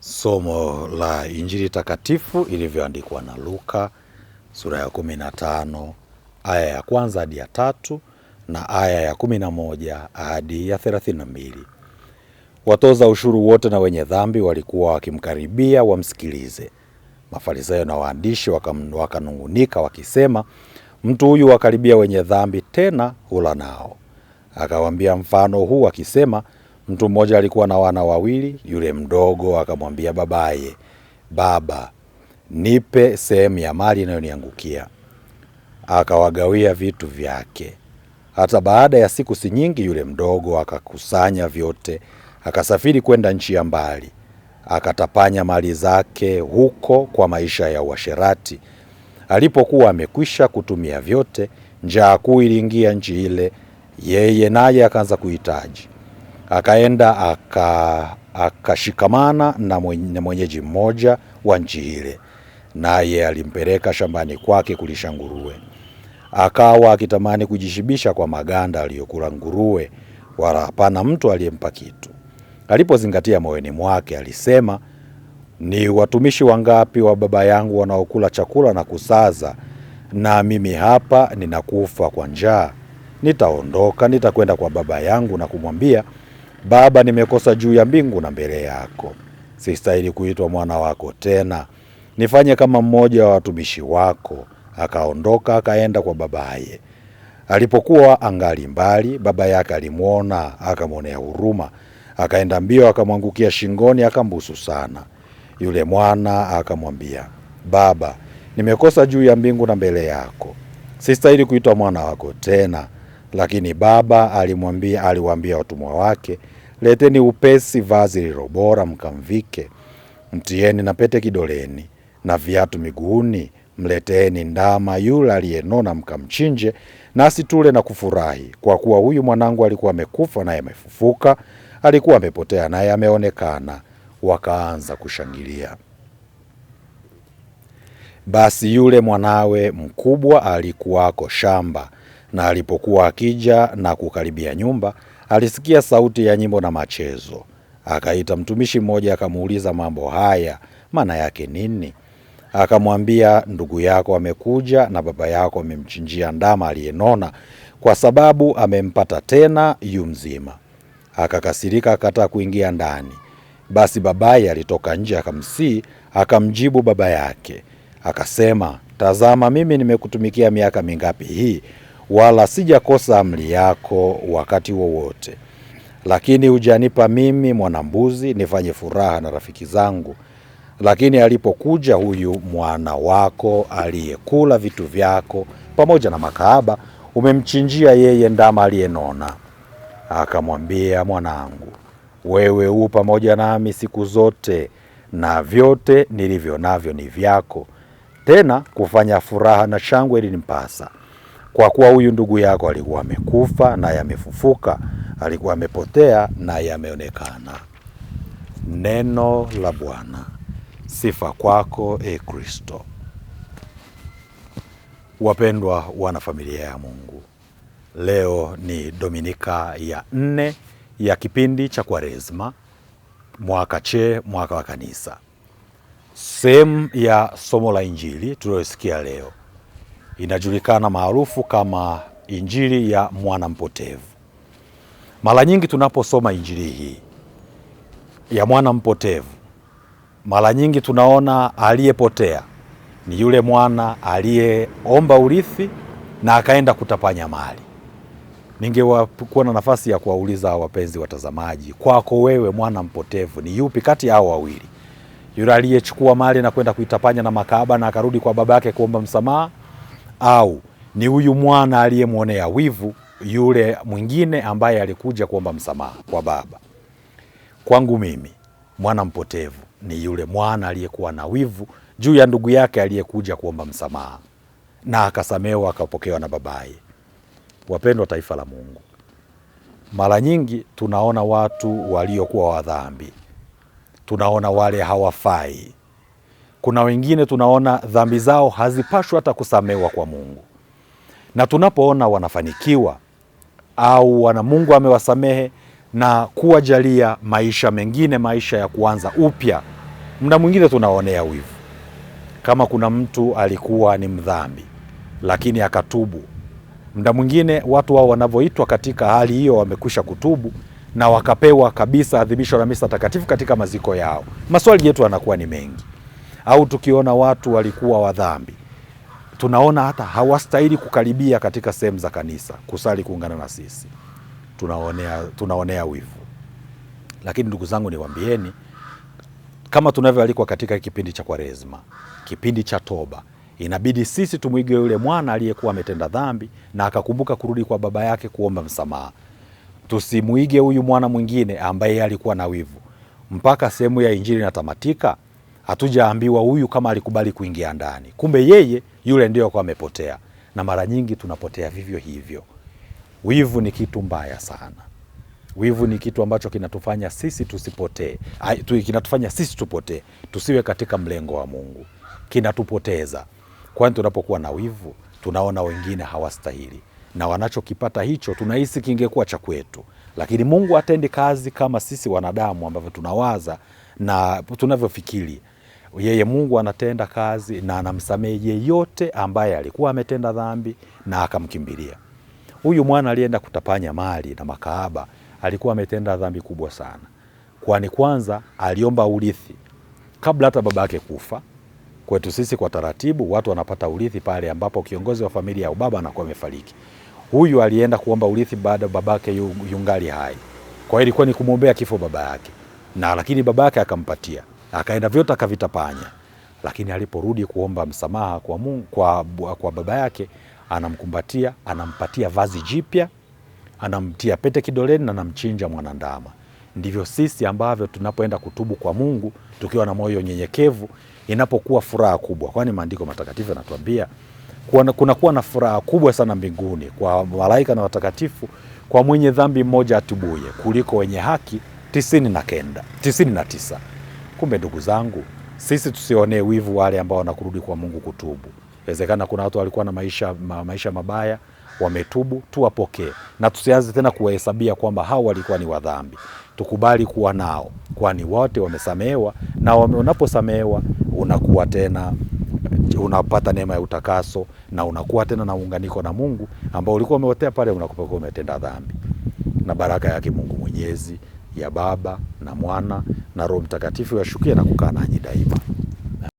Somo la Injili takatifu ilivyoandikwa na Luka sura ya 15 aya ya kwanza hadi ya tatu na aya ya 11 hadi ya 32. Watoza ushuru wote na wenye dhambi walikuwa wakimkaribia wamsikilize. Mafarisayo na waandishi wakanungunika wakisema, mtu huyu wakaribia wenye dhambi, tena hula nao. Akawaambia mfano huu akisema Mtu mmoja alikuwa na wana wawili, yule mdogo akamwambia babaye, baba, nipe sehemu ya mali inayoniangukia. Akawagawia vitu vyake. Hata baada ya siku si nyingi, yule mdogo akakusanya vyote, akasafiri kwenda nchi ya mbali, akatapanya mali zake huko kwa maisha ya uasherati. Alipokuwa amekwisha kutumia vyote, njaa kuu iliingia nchi ile, yeye naye akaanza kuhitaji akaenda akashikamana na mwenyeji mmoja wa nchi ile, naye alimpeleka shambani kwake kulisha nguruwe. Akawa akitamani kujishibisha kwa maganda aliyokula nguruwe, wala hapana mtu aliyempa kitu. Alipozingatia moyoni mwake, alisema, ni watumishi wangapi wa baba yangu wanaokula chakula na kusaza, na mimi hapa ninakufa kwa njaa? Nitaondoka, nitakwenda kwa baba yangu na kumwambia Baba, nimekosa juu ya mbingu na mbele yako, sistahili kuitwa mwana wako tena. Nifanye kama mmoja wa watumishi wako. Akaondoka akaenda kwa babaye. Alipokuwa angali mbali, baba yake alimwona, akamwonea huruma, akaenda mbio, akamwangukia shingoni, akambusu sana. Yule mwana akamwambia, Baba, nimekosa juu ya mbingu na mbele yako, sistahili kuitwa mwana wako tena. Lakini baba alimwambia, aliwaambia watumwa wake, leteni upesi vazi lilobora bora mkamvike, mtieni na pete kidoleni na viatu miguuni, mleteni ndama yule aliyenona mkamchinje, nasi tule na kufurahi, kwa kuwa huyu mwanangu alikuwa amekufa naye amefufuka, alikuwa amepotea naye ameonekana. Wakaanza kushangilia. Basi yule mwanawe mkubwa alikuwako shamba na alipokuwa akija na kukaribia nyumba alisikia sauti ya nyimbo na machezo. Akaita mtumishi mmoja akamuuliza, mambo haya maana yake nini? Akamwambia, ndugu yako amekuja na baba yako amemchinjia ndama aliyenona, kwa sababu amempata tena yu mzima. Akakasirika akataa kuingia ndani. Basi babaye alitoka nje akamsii, akamjibu baba yake akasema, tazama, mimi nimekutumikia miaka mingapi hii wala sijakosa amri yako wakati wowote, lakini hujanipa mimi mwanambuzi nifanye furaha na rafiki zangu. Lakini alipokuja huyu mwana wako aliyekula vitu vyako pamoja na makahaba, umemchinjia yeye ndama aliyenona. Akamwambia, mwanangu, wewe u pamoja nami siku zote, na vyote nilivyo navyo ni vyako. Tena kufanya furaha na shangwe ilinipasa kwa kuwa huyu ndugu yako alikuwa amekufa na yamefufuka, alikuwa amepotea na yameonekana. Neno la Bwana. Sifa kwako e Kristo. Wapendwa wana familia ya Mungu, leo ni dominika ya nne ya kipindi cha Kwaresma mwaka che mwaka wa Kanisa. Sehemu ya somo la Injili tuliyosikia leo inajulikana maarufu kama Injili ya mwana mpotevu. Mara nyingi tunaposoma injili hii ya mwana mpotevu, mara nyingi tunaona aliyepotea ni yule mwana aliyeomba urithi na akaenda kutapanya mali. Ningekuwa na nafasi ya kuwauliza wapenzi watazamaji, kwako wewe mwana mpotevu ni yupi kati ya hao wawili? Yule aliyechukua mali na kwenda kuitapanya na makahaba na akarudi kwa baba yake kuomba msamaha, au ni huyu mwana aliyemwonea wivu yule mwingine ambaye alikuja kuomba msamaha kwa baba. Kwangu mimi mwana mpotevu ni yule mwana aliyekuwa na wivu juu ya ndugu yake aliyekuja kuomba msamaha na akasamewa akapokewa na babaye. Wapendwa taifa la Mungu, mara nyingi tunaona watu waliokuwa wadhambi, tunaona wale hawafai, kuna wengine tunaona dhambi zao hazipashwi hata kusamewa kwa Mungu, na tunapoona wanafanikiwa au wana Mungu amewasamehe na kuwajalia maisha mengine, maisha ya kuanza upya, muda mwingine tunaonea wivu. Kama kuna mtu alikuwa ni mdhambi lakini akatubu, muda mwingine watu wao wanavyoitwa katika hali hiyo wamekwisha kutubu na wakapewa kabisa adhimisho la misa takatifu katika maziko yao, maswali yetu yanakuwa ni mengi au tukiona watu walikuwa wadhambi, tunaona hata hawastahili kukaribia katika sehemu za kanisa kusali, kuungana na sisi, tunaonea, tunaonea wivu. Lakini ndugu zangu, niwaambieni kama tunavyoalikwa katika kipindi cha Kwaresma, kipindi cha toba, inabidi sisi tumwige yule mwana aliyekuwa ametenda dhambi na akakumbuka kurudi kwa baba yake kuomba msamaha. Tusimwige huyu mwana mwingine ambaye alikuwa na wivu. Mpaka sehemu ya Injili inatamatika, hatujaambiwa huyu kama alikubali kuingia ndani, kumbe yeye yule ndio kwa amepotea. Na mara nyingi tunapotea vivyo hivyo. Wivu ni kitu mbaya sana. Wivu ni kitu ambacho kinatufanya sisi tusipotee, kinatufanya sisi tupotee, tusiwe katika mlengo wa Mungu, kinatupoteza. Kwani tunapokuwa na wivu tunaona wengine hawastahili na wanachokipata hicho tunahisi kingekuwa cha kwetu, lakini Mungu atendi kazi kama sisi wanadamu ambavyo tunawaza na tunavyofikiri yeye Mungu anatenda kazi na anamsamehe yeyote ambaye alikuwa ametenda dhambi na akamkimbilia. Huyu mwana alienda kutapanya mali na makaaba, alikuwa ametenda dhambi kubwa sana, kwani kwanza aliomba urithi kabla hata baba yake kufa. Kwetu sisi kwa taratibu, watu wanapata urithi pale ambapo kiongozi wa familia au baba anakuwa amefariki. Huyu alienda kuomba urithi baada ya babake yungali hai, kwa hiyo ilikuwa ni kumwombea kifo baba yake, na lakini baba yake akampatia akaenda vyote akavitapanya, lakini aliporudi kuomba msamaha kwa, Mungu, kwa, kwa baba yake anamkumbatia, anampatia vazi jipya, anamtia pete kidoleni na anamchinja mwanandama. Ndivyo sisi ambavyo tunapoenda kutubu kwa Mungu tukiwa na moyo nyenyekevu, inapokuwa furaha kubwa, kwani maandiko matakatifu yanatuambia kunakuwa na furaha kubwa sana mbinguni kwa malaika na watakatifu kwa mwenye dhambi mmoja atubuye kuliko wenye haki tisini na kenda tisini na tisa. Kumbe ndugu zangu, sisi tusionee wivu wale ambao wanakurudi kwa Mungu kutubu. Inawezekana kuna watu walikuwa na maisha, ma, maisha mabaya wametubu, tuwapokee na tusianze tena kuwahesabia kwamba hao walikuwa ni wadhambi. Tukubali kuwa nao, kwani wote wamesamehewa, na unaposamehewa unakuwa tena unapata neema ya utakaso na unakuwa tena na muunganiko na Mungu ambao ulikuwa umeotea pale unakupokea umetenda dhambi, na baraka yake Mungu Mwenyezi ya Baba na Mwana na Roho Mtakatifu washukie na kukaa nanyi daima.